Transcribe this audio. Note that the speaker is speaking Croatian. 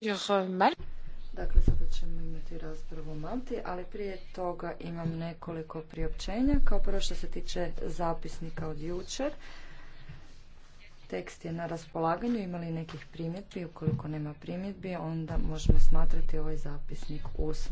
Eh, dakle, sada ćemo imati raspravu o Malti, ali prije toga imam nekoliko priopćenja. Kao prvo što se tiče zapisnika od jučer, tekst je na raspolaganju, imali nekih primjetbi, ukoliko nema primjetbi, onda možemo smatrati ovaj zapisnik uz